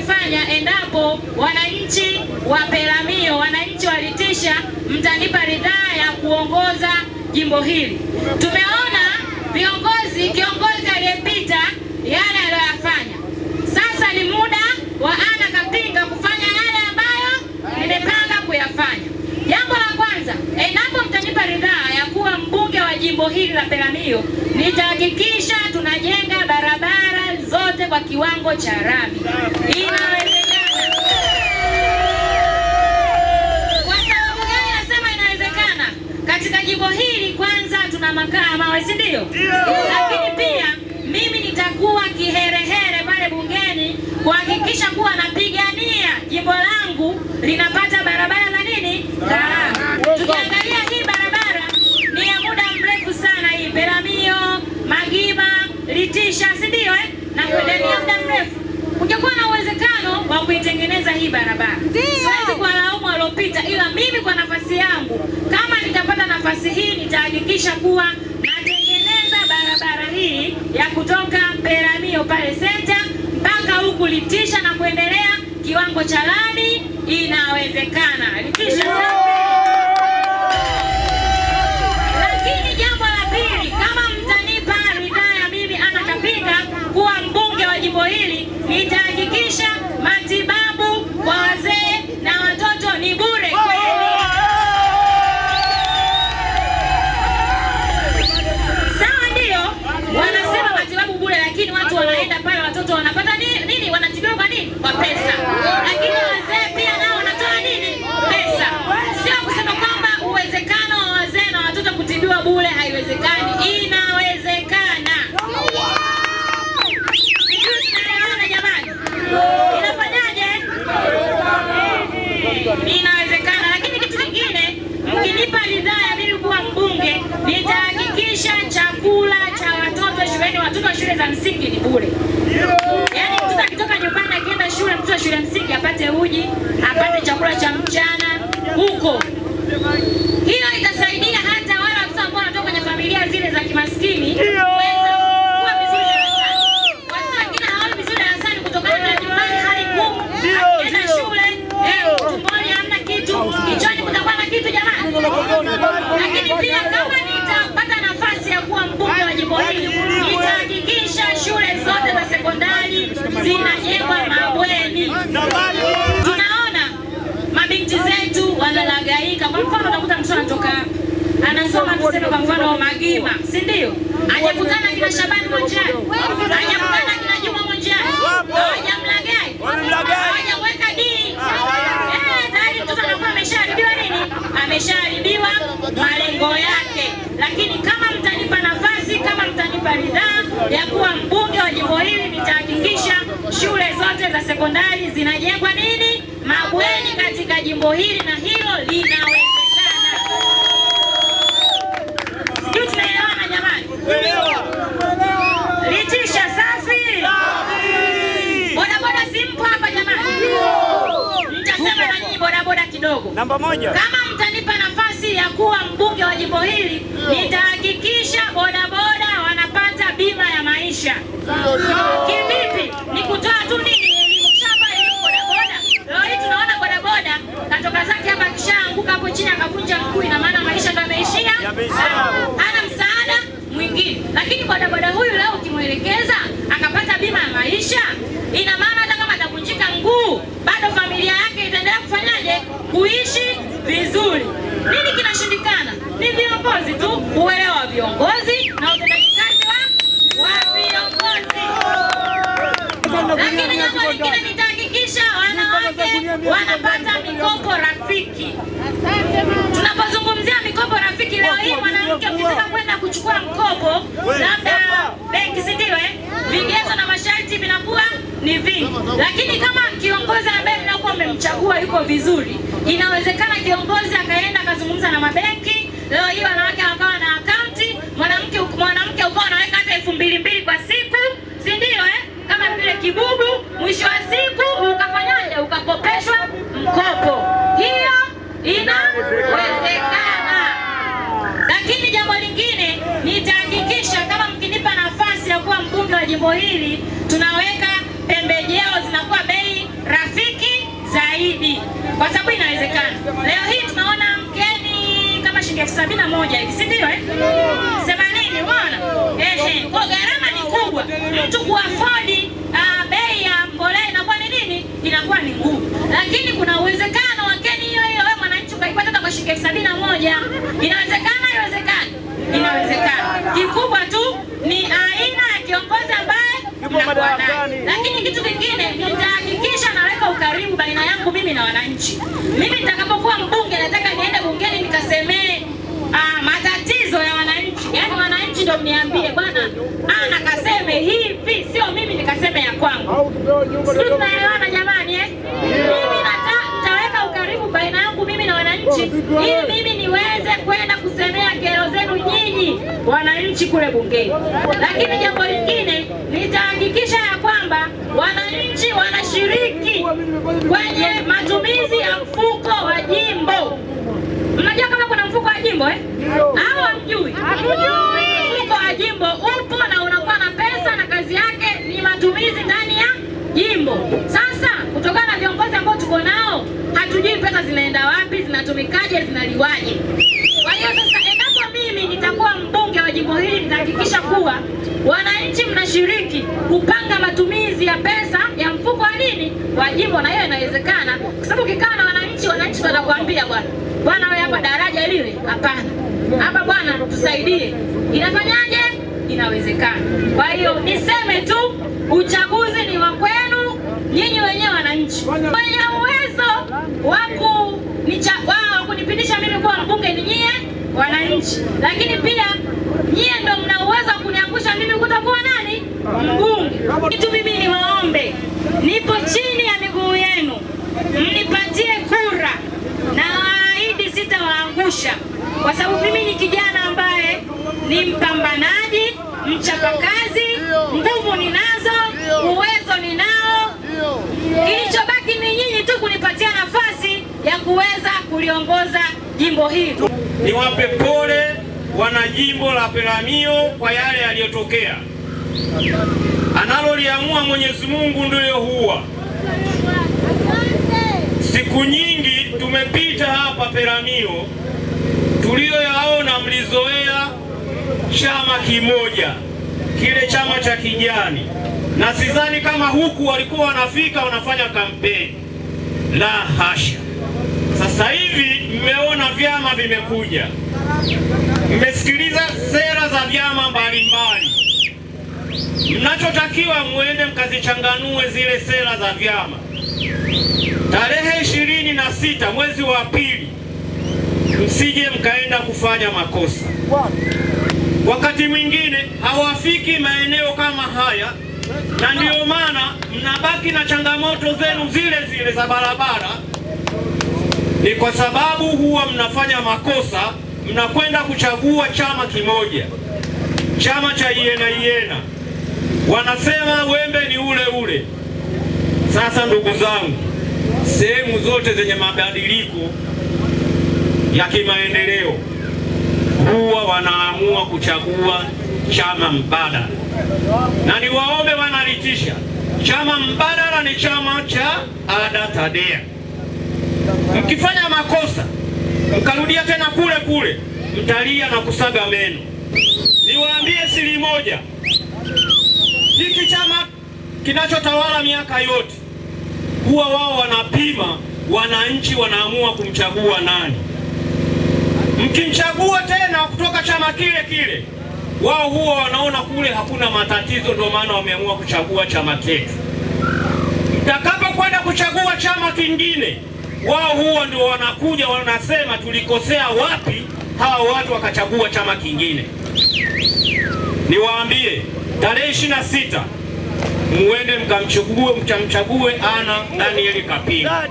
mtakavyoifanya endapo wananchi wa Peramiho, wananchi wa Litisha, mtanipa ridhaa ya kuongoza jimbo hili. Tumeona viongozi, kiongozi aliyepita yale aliyoyafanya. Sasa ni muda wa Anna Kapinga kufanya yale ambayo nimepanga kuyafanya. Jambo la kwanza, endapo mtanipa ridhaa ya kuwa mbunge wa jimbo hili la Peramiho, nitahakikisha tunajenga barabara zote kwa kiwango cha rami. Inawezekana. Kwa sababu gani nasema inawezekana? Katika jimbo hili kwanza tuna makaa mawe, si ndio? Lakini pia mimi nitakuwa kiherehere pale bungeni kuhakikisha kuwa napigania jimbo langu linapata barabara za nini? Tukiangalia hii barabara ni ya muda mrefu sana, hii Peramiho Magima Litisha ndani ya muda mrefu kungekuwa na uwezekano wa kuitengeneza hii barabara. Siwezi kuwalaumu waliopita, ila mimi kwa nafasi yangu, kama nitapata nafasi hii, nitahakikisha kuwa natengeneza barabara hii ya kutoka Peramiho pale senta mpaka huku Litisha na kuendelea kiwango cha lami. Inawezekana Litisha. inawezekana. Lakini kitu kingine, mkinipa ridhaa ya mimi kuwa mbunge, nitahakikisha chakula cha watoto shuleni, watoto wa shule za msingi ni bure. Yaani mtoto akitoka nyumbani akienda shule, mtoto wa shule msingi apate uji, apate chakula cha mchana sekondari zinajengwa mabweni. Tunaona mabinti zetu wanalagaika. Kwa mfano, utakuta mtoto anatoka anasoma tuseme kwa mfano wa Magima, si ndio? Ajakutana kina Shabani Mwanjani, ajakutana kina Juma Mwanjani, hawajamlagai, hawajaweka dii eh, tayari, mtoto anakuwa ameshaharibiwa nini, ameshaharibiwa malengo yake. Lakini kama mtanipa kama mtanipa ridhaa ya kuwa mbunge wa jimbo hili, nitahakikisha shule zote za sekondari zinajengwa nini, mabweni katika jimbo hili, na hilo linawezekana. Sijui tunaelewana jamani? Litisha safi, bodaboda simpo hapa jamani, mtasema na nyinyi bodaboda kidogo. Namba moja, kama mtanipa nafasi ya kuwa mbunge wa jimbo hili, nitahakikisha bodaboda bima ya maisha kivipi? Ni kutoa tu nini elimu shamba bodaboda. Leo hii tunaona bodaboda katoka zake hapa, akishaanguka hapo chini akavunja mguu, ina maana maisha ndio ameishia, hana msaada mwingine. Lakini bodaboda huyu leo ukimwelekeza akapata bima ya maisha, ina maana hata kama atavunjika mguu, bado familia yake itaendelea kufanyaje? Kuishi vizuri. Nini kinashindikana? Ni viongozi tu, uelewa wa viongozi kuchukua mkopo labda benki, si ndio? Eh, vigezo na masharti vinakuwa ni vingi, lakini kama kiongozi ambaye mnakuwa mmemchagua yuko vizuri, inawezekana kiongozi akaenda akazungumza na mabenki, leo hii wanawake wakawa na akaunti, mwanamke mwanamke ukawa anaweka hata elfu mbili mbili kwa siku, si ndio? Eh, kama vile kibubu, mwisho wa siku ukafanya jimbo hili tunaweka pembejeo zinakuwa bei rafiki zaidi, kwa sababu inawezekana. Leo hii tunaona mgeni kama shilingi elfu sabini na moja hivi, si ndio? Eh, themanini. Unaona, ehe, kwa gharama ni kubwa mtu kuafodi. Uh, ah, bei ya mbolea inakuwa ni nini? Inakuwa ni ngumu, lakini kuna uwezekano wa keni hiyo hiyo wewe mwananchi ukaipata kwa shilingi elfu sabini na moja inawezekana. Lakini kitu kingine nitahakikisha naweka ukaribu baina yangu mimi na wananchi. Mimi nitakapokuwa mbunge, nataka niende bungeni nikasemee ah, matatizo ya wananchi, yaani wananchi ndio mniambie bwana, ah, nakaseme hivi, sio mimi nikaseme ya kwangu. Sio, tunaelewana jamani eh? Mimi nitaweka ukaribu baina yangu mimi na wananchi ili mimi niweze kwenda kusemea kero zenu nyinyi wananchi kule bungeni. Lakini jambo lingine itahakikisha ya kwamba wananchi wanashiriki kwenye matumizi ya mfuko wa jimbo. Mnajua kama kuna mfuko wa jimbo eh? Au hamjui? Mfuko wa jimbo upo na unakuwa na pesa na kazi yake ni matumizi ndani ya jimbo. Sasa kutokana na viongozi ambao tuko nao, hatujui pesa zinaenda wapi, zinatumikaje, zinaliwaje. Kwa hiyo sasa, endapo mimi nitakuwa mbunge wa jimbo hili, nitahakikisha kuwa Wananchi mnashiriki kupanga matumizi ya pesa ya mfuko wa nini wa jimbo, na hiyo inawezekana, kwa sababu ukikaa na wananchi, wananchi wanakuambia bwana bwana, wewe hapa daraja lile hapana, hapa bwana tusaidie, inafanyaje? Inawezekana. Kwa hiyo niseme tu uchaguzi ni wa kwenu nyinyi wenyewe wananchi, wenye uwezo wa kunipindisha mimi kuwa mbunge ni nyie wananchi, lakini pia nyie ndo mna uwezo kitu mimi niwaombe, nipo chini ya miguu yenu, mnipatie kura na waahidi sitawaangusha, kwa sababu mimi ni kijana ambaye ni mpambanaji, mchapakazi, nguvu ninazo, uwezo ninao. Kilichobaki ni nyinyi tu kunipatia nafasi ya kuweza kuliongoza jimbo hili. Niwape pole jimbo la Peramiho kwa yale yaliyotokea analoliamua Mwenyezi Mungu ndiyo huwa. Siku nyingi tumepita hapa Peramiho, tuliyoyaona mlizoea chama kimoja kile chama cha kijani, na sidhani kama huku walikuwa wanafika wanafanya kampeni. La hasha! Sasa hivi mmeona vyama vimekuja, mmesikiliza sera za vyama mbalimbali mnachotakiwa muende mkazichanganue zile sera za vyama. Tarehe ishirini na sita mwezi wa pili, msije mkaenda kufanya makosa. Wakati mwingine hawafiki maeneo kama haya, na ndiyo maana mnabaki na changamoto zenu zile zile za barabara. Ni kwa sababu huwa mnafanya makosa, mnakwenda kuchagua chama kimoja, chama cha yena yena wanasema wembe ni ule ule. Sasa ndugu zangu, sehemu zote zenye mabadiliko ya kimaendeleo huwa wanaamua kuchagua chama mbadala, na niwaombe wanalitisha chama mbadala ni chama cha ada Tadea. Mkifanya makosa mkarudia tena kule kule, mtalia na kusaga meno. Niwaambie siri moja hiki chama kinachotawala miaka yote huwa wao wanapima wananchi, wanaamua kumchagua nani. Mkimchagua tena kutoka chama kile kile, wao huwa wanaona kule hakuna matatizo, ndio maana wameamua kuchagua chama chetu. Mtakapokwenda kuchagua chama kingine, wao huwa ndio wanakuja wanasema tulikosea wapi hawa watu wakachagua chama kingine. Niwaambie, tarehe ishirini na sita muende mkamchague, mchamchague ana Daniel Kapinga.